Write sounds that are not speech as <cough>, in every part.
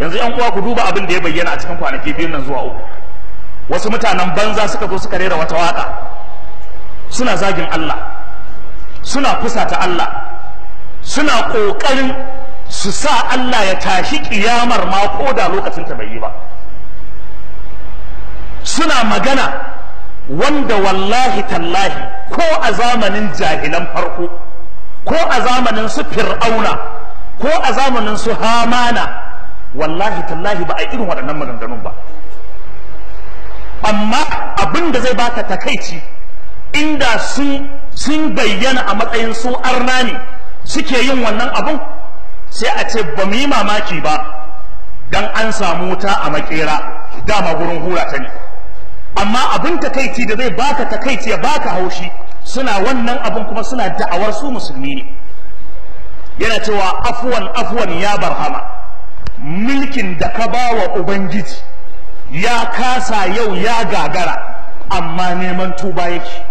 yanzu yan uwa ku duba abin da ya bayyana a cikin kwanaki biyun nan zuwa uku wasu mutanen banza suka zo suka rera wata waka suna zagin Allah suna fusata Allah suna kokarin su sa Allah ya tashi kiyamar ma ko da lokacin ta bai ba suna magana wanda wallahi tallahi ko a zamanin jahilan farko ko a zamanin su fir'auna ko a zamanin su hamana wallahi tallahi ba a irin waɗannan maganganun ba amma abin da zai baka takaici inda sun bayyana a matsayin su arna ne suke yin wannan abun sai a ce ba mu yi mamaki ba dan an samu wuta a makera dama gurin hura ta ne amma abin takaici da zai baka takaici ya baka haushi suna wannan abin kuma suna da'awar su musulmi ne yana cewa afuwan-afuwan ya barhama mulkin da ka ba wa ubangiji ya kasa yau ya gagara amma neman tuba yake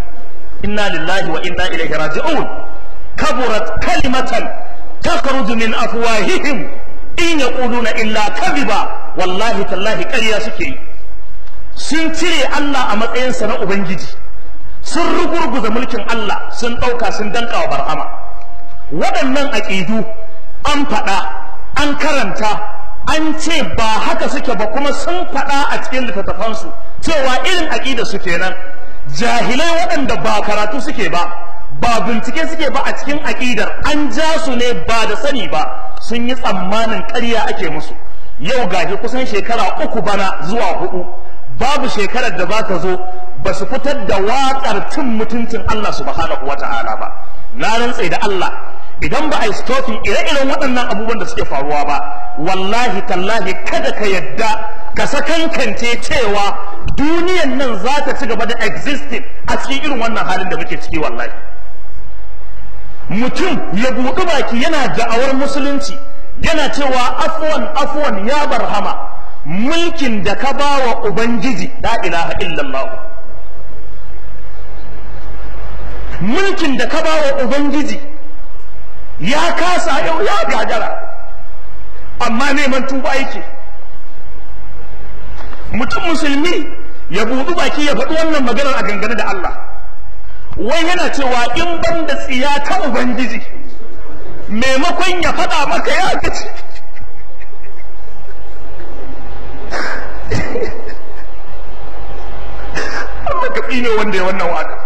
inna lillahi wa inna ilaihi raji'un kaburat kalimatan takhruju min afwahihim in na illa kadhiba wallahi tallahi ƙarya suke yi sun cire Allah a matsayinsa na ubangiji sun rugurguza mulkin Allah sun ɗauka sun danƙa wa barhama waɗannan aƙidu an faɗa an karanta an ce ba haka suke ba kuma sun faɗa a cikin littattafansu cewa irin aƙida su kenan jahilai waɗanda ba karatu suke ba ba bincike suke ba a cikin aƙidar an ja su ne ba da sani ba sun yi tsammanin ƙarya ake musu yau gashi kusan shekara uku bana zuwa hudu babu shekarar da za ta zo ba su fitar da waƙar cin mutuncin Allah subhanahu wa ta'ala ba na rantse da Allah idan ba a yi stofin ire-iren waɗannan abubuwan da suke faruwa ba wallahi tallahi kada ka yadda ka sakankance cewa duniyan nan za ta ci gaba da existing a cikin irin wannan halin da muke ciki wallahi mutum ya buɗi baki yana da'awar musulunci yana cewa afwan afwan ya barhama mulkin da ka ba wa ubangiji la ilaha illallah mulkin da ka ba wa ubangiji ya kasa yau ya gagara amma neman tuba yake mutum musulmi ya buɗu baki ya faɗi wannan maganar a gangane da Allah wai yana cewa in ban da tsiya ta ubangiji maimakon ya faɗa maka ya gaci Allah <laughs> ka ne wanda ya wannan waka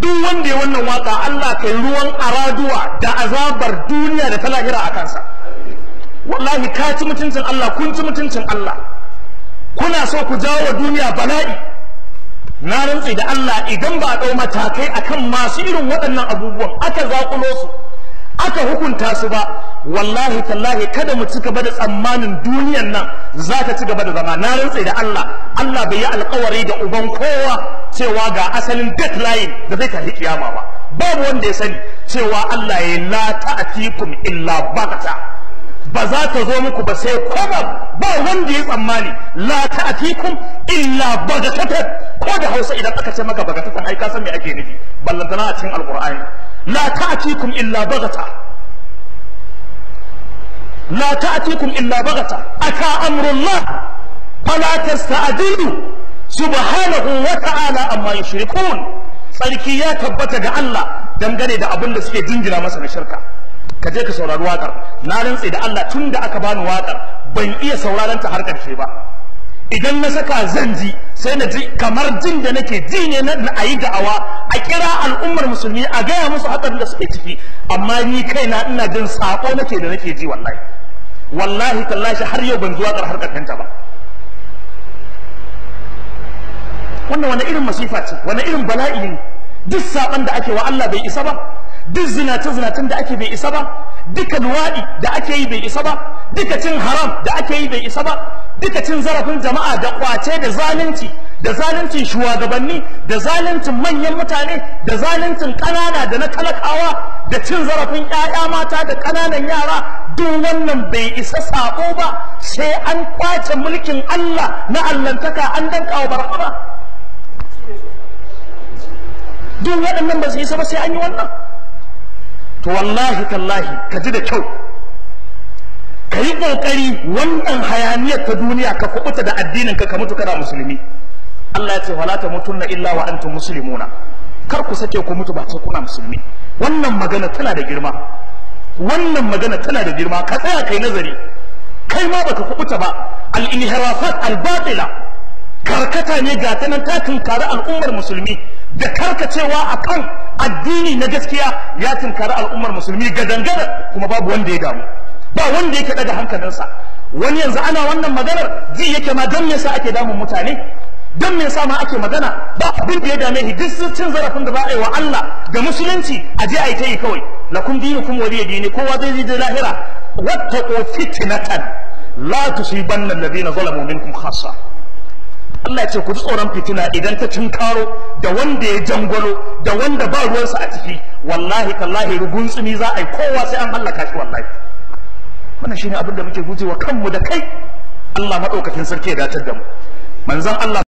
duk wanda ya wannan waka Allah kai ruwan araduwa da azabar duniya da ta lahira a kansa wallahi ka ci mutuncin Allah kun ci mutuncin Allah kuna so ku jawo wa duniya bala'i na rantsi da Allah idan ba a ɗau matakai akan masu irin waɗannan abubuwan aka zaƙulo su aka hukunta su ba wallahi tallahi kada mu ci gaba da tsammanin duniyan nan za ta ci gaba da zama na rantse da Allah Allah bai yi alkawari da uban kowa cewa ga asalin deadline da zai tafi kiyama ba babu wanda ya sani cewa Allah ya la ta'atikum illa bagata ba za ta zo muku ba sai kwabab ba wanda ya tsammani la ta'atikum illa bagatatan ko da Hausa idan aka ce maka bagatatan ai ka san me ake nufi ballantana a cikin alqur'ani la ta'atikum illa bagata لا تأتيكم إلا بغتة أتى أمر الله فلا subhanahu wa ta'ala amma yushrikun tsarki ya tabbata ga Allah dangane da abin da suke jingina masa na shirka ka je ka saurari waƙar na rantse da Allah tun da aka bani waƙar ban iya sauraron ta har ƙarshe ba idan na saka zan ji sai na ji kamar jin da nake ji ne na a yi da'awa a kira al'ummar musulmi a gaya musu hakan da suke ciki amma ni kaina ina jin saƙo nake da nake ji wallahi wallahi tallashi har yau ban ji waƙar har ƙarshenta ba wannan wani irin masifa ce wani irin bala'i ne duk saban da ake wa Allah bai isa ba duk zinace zinacen da ake bai isa ba duka luwaɗi da ake yi bai isa ba duka cin haram da ake yi bai isa ba duka cin zarafin jama'a da kwace da zalunci da zaluncin shugabanni da zaluncin manyan mutane da zaluncin ƙanana da na talakawa da cin zarafin ƴaƴa mata da ƙananan yara duk wannan bai isa sako ba sai an kwace mulkin Allah na allantaka an danka wa barkama duk waɗannan ba su isa ba sai an yi wannan to wallahi tallahi ka ji da kyau ka yi ƙoƙari wannan hayaniyar ta duniya ka kubuta da addinin ka ka mutu kana musulmi Allah ya ce wala ta na illa wa antum muslimuna kar ku sake ku mutu ba sai kuna musulmi wannan magana tana da girma wannan magana tana da girma ka tsaya kai nazari kai ma baka kubuta ba al-inhirafat al-batila karkata ne ga ta nan ta tunkari al'ummar musulmi da karkacewa akan addini na gaskiya ya tunkari al'ummar musulmi gadan-gadan kuma babu wanda ya damu ba wanda yake daga hankalinsa wani yanzu ana wannan maganar ji yake ma don me yasa ake damun mutane don me yasa ma ake magana ba abin da ya dame shi duk cin zarafin da za a yi wa Allah da musulunci a je a yi ta yi kawai lakum dinukum waliya dini kowa zai da lahira wattaqu fitnatan la tusibanna alladhina zalamu minkum khassa Allah ya ce ku ji tsoron fitina idan ta karo da wanda ya jangwalo da wanda ba ruwansa a ciki wallahi tallahi rugun tsumi za a yi kowa sai an hallaka shi wallahi wannan shine abin da muke gujewa kanmu da kai Allah madaukakin sarki ya datar da mu manzon Allah